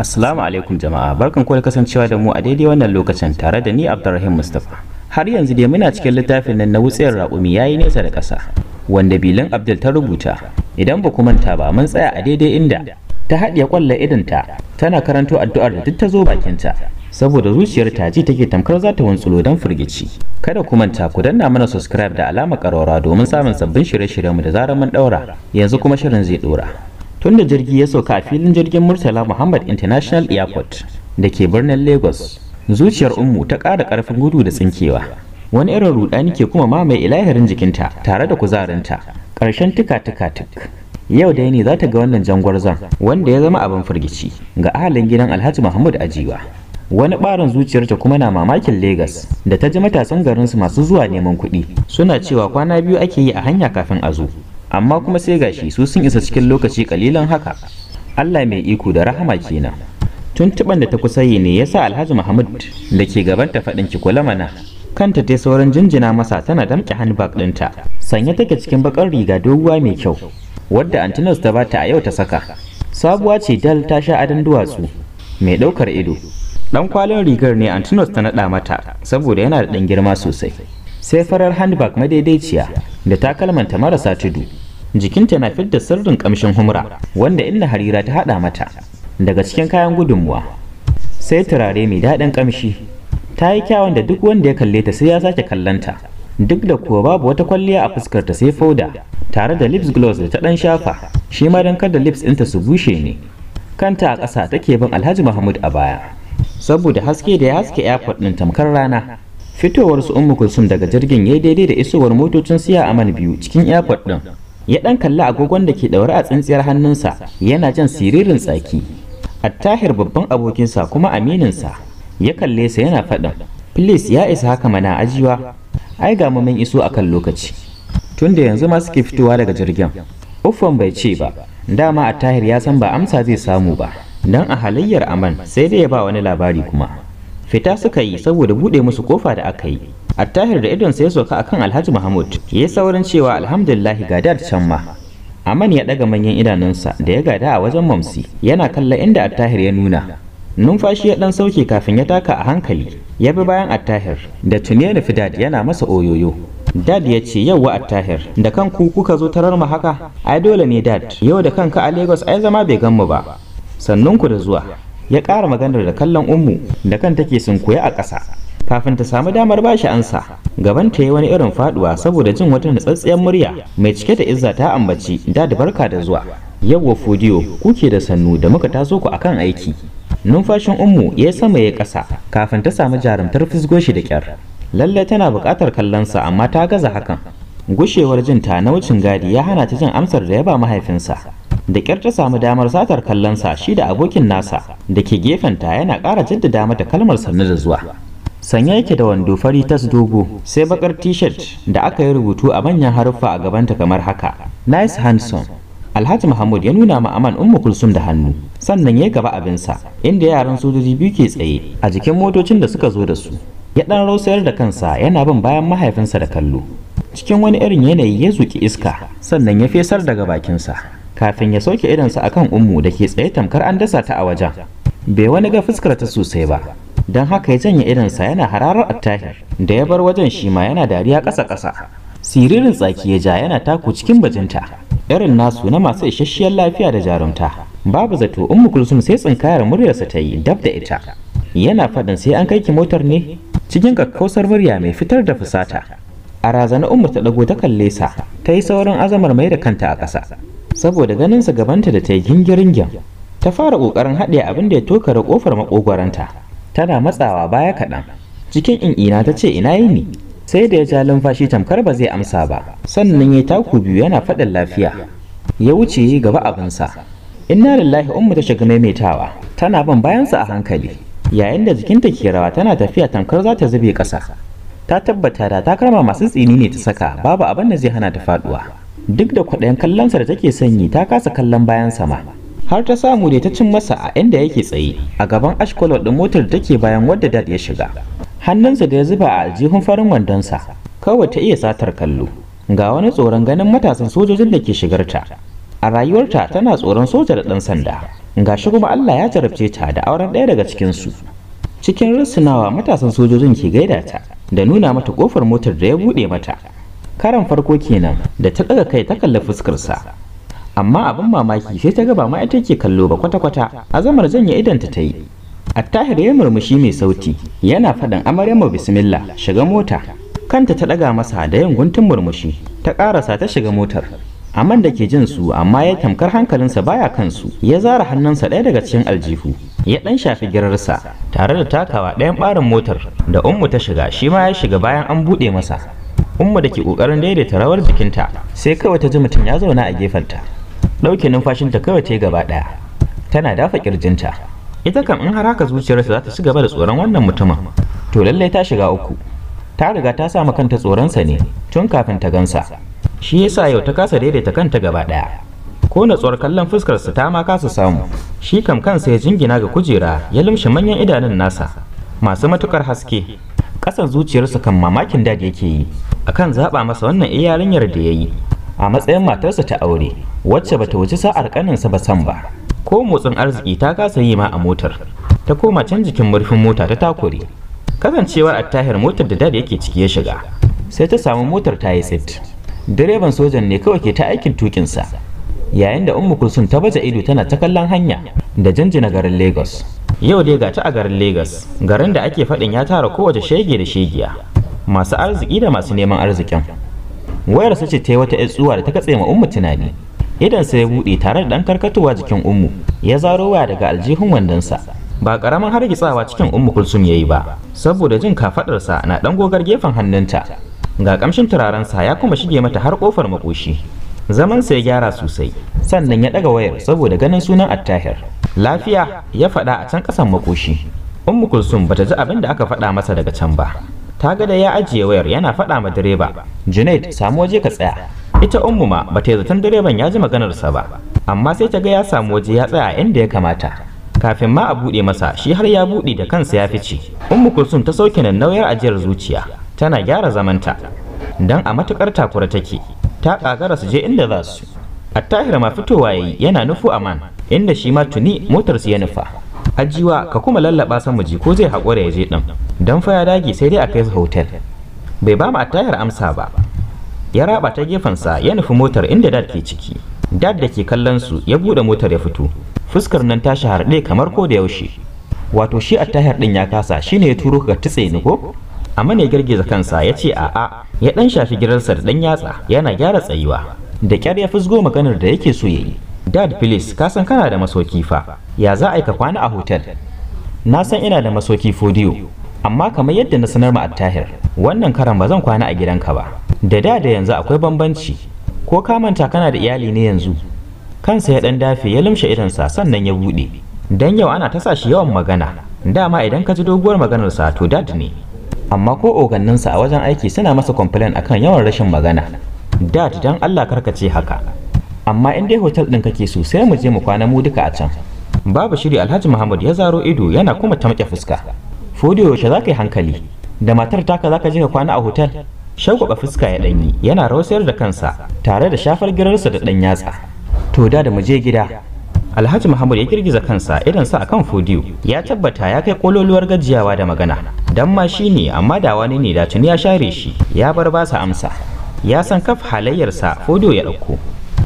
Assalamu alaikum jama'a barkan ku da kasancewa da mu a daidai wannan lokacin tare da ni Abdulrahim Mustafa. Har yanzu dai muna cikin littafin nan na wutsiyar raƙumi yayi nesa da ƙasa wanda Bilin Abdul ta rubuta. Idan ba ku manta ba mun tsaya a daidai inda ta haɗiye ƙwallon idonta tana karanto addu'ar da duk ta zo bakinta saboda zuciyar ta ji take tamkar za ta wantsulo don firgici kada ku manta ku danna mana subscribe da alama ƙararwa domin samun sabbin shirye-shiryenmu da zarar mun ɗaura yanzu kuma shirin zai ɗora tun da jirgi ya sauka a filin jirgin murtala muhammad international airport da ke birnin lagos zuciyar ummu ta ƙara ƙarfin gudu da tsinkewa wani irin rudani ke kuma mamaye ilahirin jikinta tare da kuzarinta ƙarshen tuka tuka tuk yau da ne za ta ga wannan zan. wanda ya zama abin firgici ga ahalin gidan alhaji muhammad ajiwa wani barin zuciyarta kuma na mamakin Legas da ta ji matasan garinsu masu zuwa neman kuɗi suna cewa kwana biyu ake yi a hanya kafin a zo amma kuma sai gashi su sun isa cikin lokaci kalilan haka Allah mai iko da rahama kenan tuntuban da ta kusa yi ne yasa Alhaji Muhammad da ke gaban ta faɗin kula mana kanta ta sauran jinjina masa tana damƙe handbag ɗinta sanye take cikin bakar riga doguwa mai kyau wadda Antinos ta bata a yau ta saka sabuwa ce dal ta sha adan duwatsu mai ɗaukar ido dan kwalin rigar ne Antinos ta naɗa mata saboda yana da ɗan girma sosai sai farar handbag madaidaiciya da takalmanta marasa tudu jikinta na fidda sirrin kamshin humra wanda inna harira ta haɗa mata daga cikin kayan gudunmuwa sai turare mai daɗin kamshi ta yi kyawun da duk wanda ya kalle ta sai ya sake kallanta duk da kuwa babu wata kwalliya a fuskarta sai foda tare da lips gloss da ta ɗan shafa shi ma don kada lips ɗinta su bushe ne kanta a ƙasa take bin alhaji mahmud a baya saboda haske da ya haske airport ɗin tamkar rana fitowar su ummu kulsum daga jirgin yayi daidai da isowar motocin siya aman biyu cikin airport din ya dan kalli agogon da ke daure a tsintsiyar hannunsa yana jan siririn tsaki attahir babban abokinsa kuma aminin sa ya kalle sa yana faɗin please ya isa haka mana ajiwa ai ga mu mun iso kan lokaci tunda yanzu ma suke fitowa daga jirgin uffan bai ce ba dama attahir ya san ba amsa zai samu ba dan a halayyar aman sai dai ya ba wani labari kuma fita suka yi saboda buɗe musu kofa da aka yi attahir da idon ya soka akan alhaji mahmud ya saurin cewa alhamdulillahi ga da can ma aman ya ɗaga manyan idanunsa da ya gada a wajen mamsi yana kallon inda attahir ya nuna numfashi ya ɗan sauke kafin ya taka a hankali ya bi bayan attahir da tuni ya nufi dad yana masa oyoyo dad ya ce yauwa attahir da kanku kuka zo tarar mu haka ai dole ne dad yau da kanka a lagos ai zama bai gan mu ba sannunku da zuwa ya ƙara maganar da kallon ummu da kan take koya a ƙasa kafin ta samu damar bashi ansa gaban ta yi wani irin faduwa saboda jin wata natsatsiyar murya mai cike da izza ta ambaci da da barka da zuwa yawwa fodiyo kuke da sannu da muka taso ku akan aiki numfashin ummu ya sama ya ƙasa kafin ta samu jarumtar fisgoshi da kyar lallai tana buƙatar sa, amma ta gaza hakan gushewar jinta na wucin gadi ya hana ta jin amsar da ya ba mahaifinsa da ƙyar ta samu damar satar kallon sa shi da abokin nasa da ke gefen ta yana ƙara jaddada mata kalmar sannu da zuwa sanya yake da wando fari tas dogo sai bakar t-shirt da aka yi rubutu a manyan haruffa a gabanta kamar haka nice handsome alhaji muhammad ya nuna ma'aman aman ummu kulsum da hannu sannan ya gaba abinsa inda yaran sojoji biyu ke tsaye a jikin motocin da suka zo da su ya dan rausayar da kansa yana bin bayan mahaifinsa da kallo cikin wani irin yanayi ya zuki iska sannan ya fesar daga bakinsa kafin ya soke idonsa akan ummu da ke tsaye tamkar an dasa ta a wajen bai wani ga fuskar ta sosai ba don haka ya janye idonsa yana hararar attahir da ya bar wajen shi ma yana dariya ƙasa-ƙasa siririn tsaki ya ja yana taku cikin bajinta irin nasu na masu isasshiyar lafiya da jarumta babu zato ummu kulsum sai tsinkayar muryarsa ta yi dab da ita yana faɗin sai an kai ki motar ne cikin kakkausar murya mai fitar da fusata a razana ummu ta ɗago ta kalle sa ta yi saurin azamar mai da kanta a ƙasa saboda ganinsa gabanta da ta yi gingiringin ta fara ƙoƙarin haɗe abin da ya da ƙofar maƙogwaranta tana matsawa baya kaɗan cikin Ina ta ce ina yi ne sai da ya ja lumfashi tamkar ba zai amsa ba sannan ya taku biyu yana faɗin lafiya ya wuce gaba abinsa inna lillahi ummu ta shiga maimaitawa tana bin bayansa a hankali yayin da jikinta ke rawa tana tafiya tamkar za ta zube ƙasa ta tabbata da takarma masu tsini ne ta saka babu abin da zai hana ta faɗuwa duk da kwaɗayin kallonsa da take sanyi ta kasa kallon bayan sama har ta samu ne ta cin masa a inda yake tsaye a gaban ashkwalo ɗin motar da take bayan wadda dad ya shiga hannunsa da ya zuba a aljihun farin wandonsa kawai ta iya satar kallo ga wani tsoron ganin matasan sojojin da ke shigarta a rayuwarta tana tsoron soja da ɗan sanda ga shi kuma Allah ya jarabce ta da auren ɗaya daga cikinsu cikin rusunawa matasan sojojin ke gaida ta da nuna mata kofar motar da ya buɗe mata karan farko kenan da ta ɗaga kai ta kalli fuskarsa amma abin mamaki sai ta ga ba ma ita ke kallo ba kwata-kwata azamar janye idan ta yi A Tahir ya murmushi mai sauti yana faɗin amaryarmu bismillah shiga mota kanta ta ɗaga masa da yin guntun murmushi ta ƙarasa ta shiga motar aman da ke jin su amma ya tamkar hankalinsa baya kansu ya zara hannunsa ɗaya daga cikin aljihu ya ɗan shafi girarsa tare da takawa ɗayan ɓarin motar da ummu ta shiga shi ma ya shiga bayan an buɗe masa umma da ke kokarin daidaita rawar jikinta sai kawai ta ji mutum ya zauna a gefenta ɗauke numfashinta kawai ta yi gaba ɗaya tana dafa kirjinta ita kam in har haka zuciyarsa za ta ci gaba da tsoron wannan mutumin to lallai ta shiga uku ta riga ta sa kanta tsoronsa ne tun kafin ta gansa shi yasa yau ta kasa daidaita kanta gaba ɗaya ko natsuwar kallon fuskarsa ta ma kasa samu shi kam kansa ya jingina ga kujera ya lumshe manyan idanun nasa masu matukar haske ƙasan zuciyarsa kan mamakin dad yake yi akan zaɓa masa wannan iyalinyar da ya yi a matsayin matarsa ta aure wacce bata wuci sa'ar kaninsa ba san ba ko motsin arziki ta kasa yi ma a motar ta koma can jikin murfin mota ta takure kasancewar attahir motar da dad yake ciki ya shiga sai ta samu motar ta yi sit direban sojan ne kawai ke ta aikin tukinsa yayin da ummu kulsun ta baje ido tana ta kallon hanya da janjina garin lagos yau dai ga ta a garin lagos garin da ake faɗin ya tara kowace shege da shegiya masu arziki da masu neman arzikin wayar sace ta yi wata tsuwa da ta katse ma ummu tunani idan sai ya buɗe tare da ɗan karkatuwa jikin ummu ya zaro waya daga aljihun wandonsa ba ƙaramin hargitsawa cikin ummu kulsum ya yi ba saboda jin kafaɗarsa na ɗan gogar gefen hannunta ga kamshin turaren sa ya kuma shige mata har kofar makoshi zaman sa ya gyara sosai sannan ya ɗaga wayar saboda ganin sunan attahir lafiya ya faɗa a can ƙasan makoshi ummu kulsum bata ji abin da aka faɗa masa daga can ba ta ga da ya ajiye wayar yana faɗa ma direba junaid samu waje ka tsaya ita ummu ma ba ta yi zaton direban ya ji maganarsa ba amma sai ta ga ya samu waje ya tsaya inda ya kamata kafin ma a buɗe masa shi har ya buɗe da kansa ya fice ummu kulsum ta sauke nan nauyar ajiyar zuciya tana gyara zamanta dan a matukar takura take ta kagara su je inda za su attahira ma fitowa yayi yana nufu aman inda shi ma tuni motarsa ya nufa ajiwa ka kuma lallaba san miji ko zai haƙura ya je ɗin Dan fa ya dage sai dai a kai hotel bai ba mu attayar amsa ba ya raba ta sa, ya nufi motar inda dad ke ciki dad da ke kallon su ya buɗe motar ya fito fuskar nan ta ɗaya kamar ko da yaushe wato shi attayar ɗin ya kasa shine ya turo ka tutse ni ko amma ne girgiza kansa ya ce a'a ya ɗan shafi girarsa da ɗan yatsa yana gyara tsayuwa da kyar ya fusgo maganar da yake so ya yi dad please ka san kana da masoki fa ya za a yi ka kwana a hotel na san ina da masoki fodiyo amma kamar yadda na sanar ma attahir wannan karan ba zan kwana a gidanka ba da da da yanzu akwai bambanci ko ka manta kana da iyali ne yanzu kansa ya dan dafe ya lumshe sa sannan ya bude dan yau ana tasa shi yawan magana dama idan ka ji doguwar maganar sa to dad ne amma ko sa a wajen aiki suna masa complain akan yawan rashin magana dad dan Allah karkace haka amma in dai hotel ɗin kake so sai mu je mu kwana mu duka a can babu shiri alhaji muhammad ya zaro ido yana kuma ta make fuska fodiyo yaushe za ka yi hankali da matar taka za ka je ka kwana a hotel shagwaba fuska ya ɗanyi yana rausayar da kansa tare da shafar girarsa da ɗan yatsa to da da mu je gida alhaji muhammad ya girgiza kansa idan sa akan fodiyo ya tabbata ya kai kololuwar gajiyawa da magana dan ma shi ne amma da wani ne da tuni ya share shi ya bar ba sa amsa ya san kaf halayyarsa fodiyo ya ɗauko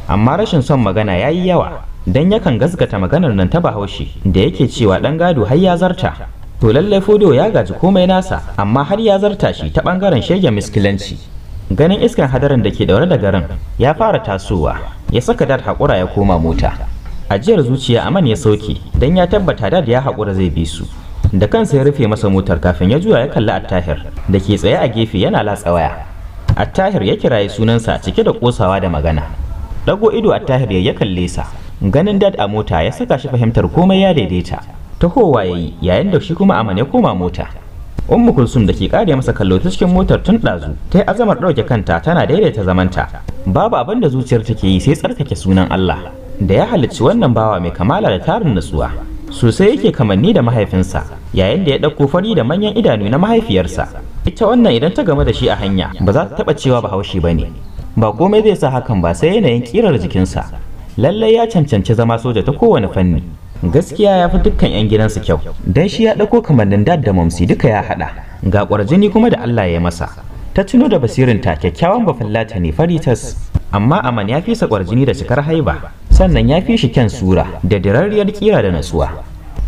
amma rashin son magana ya yi yawa don yakan gazgata maganar nan ta bahaushe da yake cewa ɗan gado har ya zarta to lallai fodo ya gaji komai nasa amma har ya zarta shi ta ɓangaren shege miskilanci ganin iskan hadarin da ke daure da garin ya fara tasowa ya saka dad haƙura ya koma mota ajiyar zuciya aman ya sauke don ya tabbata dad ya haƙura zai bi su da kansa ya rufe masa motar kafin ya juya ya kalli attahir da ke tsaye a gefe yana latsa waya attahir ya kiraye sunansa cike da kosawa da magana dago ido a tahir ya kalle sa ganin dad a mota ya saka shi fahimtar komai ya daidaita tahowa ya yi yayin da shi kuma amane koma mota ummu kulsum da ke kare masa kallo ta cikin motar tun ɗazu ta yi azamar ɗauke kanta tana daidaita zamanta babu abin da zuciyar take yi sai tsarkake sunan allah da ya halicci wannan bawa mai kamala da tarin natsuwa sosai yake kamanni da mahaifinsa yayin da ya ɗauko fari da manyan idanu na mahaifiyarsa ita wannan idan ta game da shi a hanya ba za ta taɓa cewa bahaushe ba ne ba komai zai sa hakan ba sai yanayin kirar jikinsa lallai ya cancanci zama soja ta kowane fanni gaskiya ya fi dukkan 'yan gidansu kyau don shi ya ɗauko kamannin dad da mamsi duka ya haɗa ga ƙwarjini kuma da allah ya masa ta tuno da ta kyakkyawan bafallata ne faritas amma aman ya fisa ƙwarjini da cikar haiba sannan ya fi shi kyan sura da dirarriyar kira da nasuwa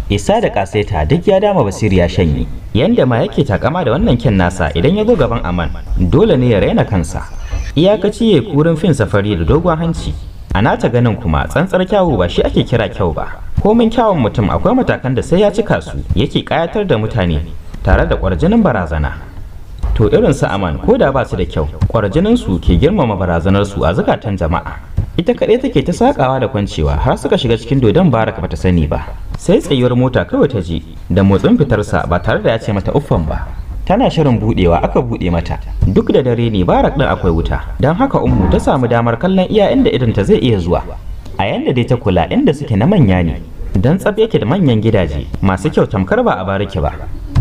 isa da ƙasaita duk ya dama basir ya shanye yanda ma yake takama da wannan kyan nasa idan ya zo gaban aman dole ne ya raina kansa iyakaci ya kurin fin safari da dogon hanci a nata ganin kuma tsantsar kyawu ba shi ake kira kyau ba komin kyawun mutum akwai matakan da sai ya cika su yake kayatar da mutane tare da kwarjinin barazana to irin su aman ko da ba su da kyau kwarjinin su ke girmama barazanar su a zukatan jama'a ita kaɗai take ta sakawa da kwancewa har suka shiga cikin dodon baraka bata sani ba sai tsayuwar mota kawai ta je, da motsin fitarsa ba tare da ya ce mata uffan ba tana shirin budewa aka bude mata duk da dare ne barak din akwai wuta don haka ummu ta samu damar kallon iya inda ta zai iya zuwa a yanda dai ta kula inda suke na manya ne don tsab yake da manyan gidaje masu kyau tamkar ba a bariki ba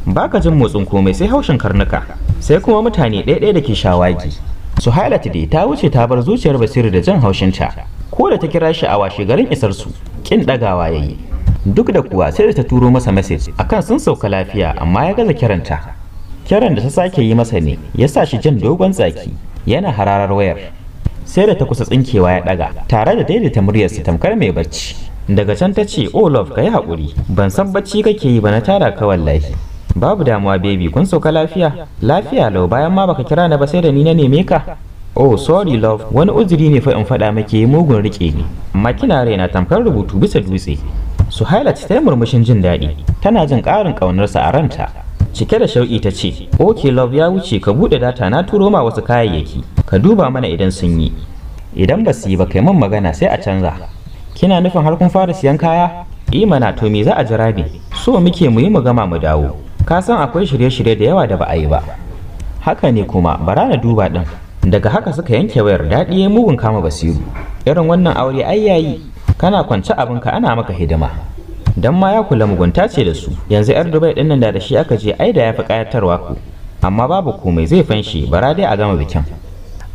baka jin motsin komai sai haushin karnuka sai kuma mutane ɗaya-ɗaya da ke shawagi su halata dai ta wuce ta bar zuciyar basiru da jan haushinta ko da ta kira shi a washe garin isar su kin ɗagawa yayi duk da kuwa sai da ta turo masa message akan sun sauka lafiya amma ya gaza kiranta kiran da ta sake yi masa ne ya sa shi jin dogon tsaki yana hararar wayar sai da ta kusa tsinkewa ya daga tare da daidaita muryarsa tamkar mai bacci daga can ta ce olaf oh, ka yi haƙuri ban san bacci kake yi ba na tara ka wallahi babu damuwa baby kun sauka lafiya lafiya lau bayan ma baka kira ni ba sai da ni na neme ka oh sorry love wani uzuri ne fa in faɗa yi mugun rike ne amma kina raina tamkar rubutu bisa dutse suhaila ta yi murmushin jin daɗi tana jin ƙarin ƙaunarsa a ranta cike da shauƙi ta ce ok love ya wuce ka buɗe data na turo ma wasu kayayyaki ka duba mana idan sun yi idan ba su yi ba kai min magana sai a canza kina nufin har kun fara siyan kaya imana eh to me za a jira ne so muke mu yi mu gama mu dawo ka san akwai shirye-shirye da yawa da ba a yi ba haka ne kuma bara na duba din. daga haka suka yanke wayar daɗi ya mugun kama basiru irin wannan aure ai yayi kana kwance abinka ana maka hidima don ma ya kula mugunta ce da su yanzu yar dubai din nan da da shi aka je ai da ya fi kayatarwa ku amma babu komai zai fanshi bara dai a gama bikin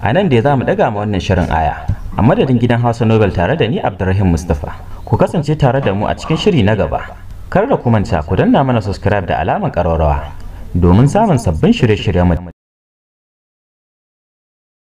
a nan da za mu daga ma wannan shirin aya a madadin gidan hausa nobel tare da ni abdulrahim mustapha ku kasance tare da mu a cikin shiri na gaba kar da ku manta ku danna mana subscribe da alamar ƙararrawa domin samun sabbin shirye-shiryen